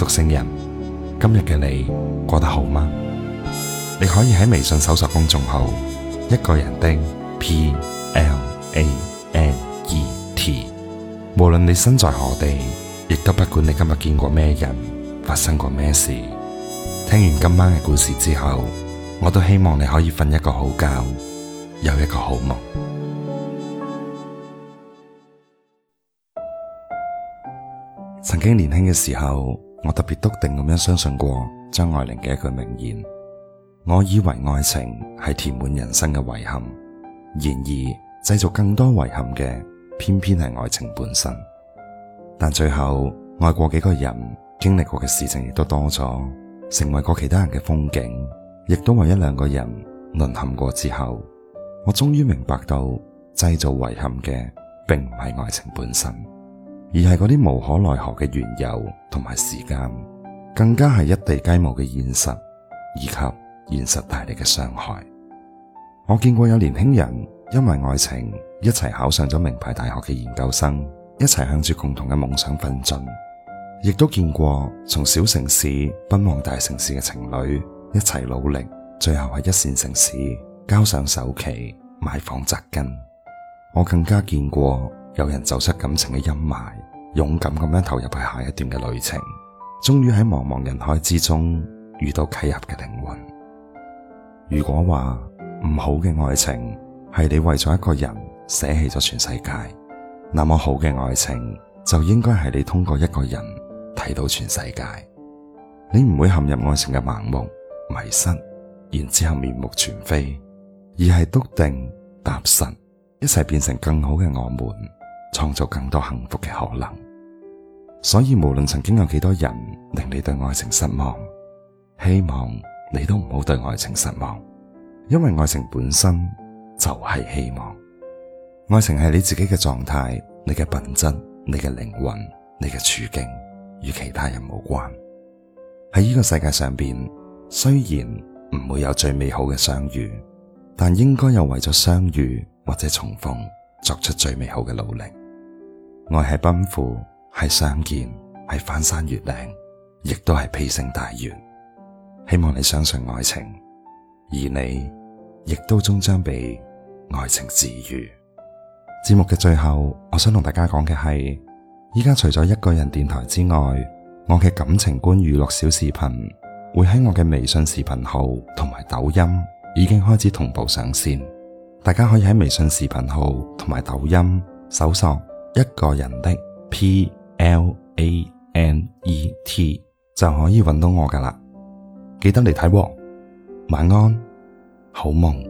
獨星人，今日嘅你過得好嗎？你可以喺微信搜索公眾號一個人的 P L A N E T，無論你身在何地，亦都不管你今日見過咩人，發生過咩事。聽完今晚嘅故事之後，我都希望你可以瞓一個好覺，有一個好夢。曾經年輕嘅時候。我特別篤定咁樣相信過張愛玲嘅一句名言，我以為愛情係填滿人生嘅遺憾，然而製造更多遺憾嘅偏偏係愛情本身。但最後，愛過幾個人，經歷過嘅事情亦都多咗，成為過其他人嘅風景，亦都為一兩個人淪陷過之後，我終於明白到製造遺憾嘅並唔係愛情本身。而係嗰啲無可奈何嘅緣由同埋時間，更加係一地雞毛嘅現實，以及現實帶嚟嘅傷害。我見過有年輕人因為愛情一齊考上咗名牌大學嘅研究生，一齊向住共同嘅夢想奮進，亦都見過從小城市奔往大城市嘅情侶一齊努力，最後喺一線城市交上首期買房紮根。我更加見過。有人走出感情嘅陰霾，勇敢咁樣投入去下一段嘅旅程，終於喺茫茫人海之中遇到契合嘅靈魂。如果話唔好嘅愛情，係你為咗一個人捨棄咗全世界，那麼好嘅愛情就應該係你通過一個人睇到全世界。你唔會陷入愛情嘅盲目迷失，然之後面目全非，而係篤定踏實，一齊變成更好嘅我們。創造更多幸福嘅可能，所以無論曾經有幾多人令你對愛情失望，希望你都唔好對愛情失望，因為愛情本身就係希望。愛情係你自己嘅狀態、你嘅品質、你嘅靈魂、你嘅處境，與其他人無關。喺呢個世界上邊，雖然唔會有最美好嘅相遇，但應該有為咗相遇或者重逢，作出最美好嘅努力。愛係奔赴，係相見，係翻山越嶺，亦都係披星戴月。希望你相信愛情，而你亦都終將被愛情治癒。節目嘅最後，我想同大家講嘅係，依家除咗一個人電台之外，我嘅感情觀娛樂小視頻會喺我嘅微信視頻號同埋抖音已經開始同步上線，大家可以喺微信視頻號同埋抖音搜索。一個人的 P L A N E T 就可以揾到我噶啦。記得嚟睇喎，晚安，好夢。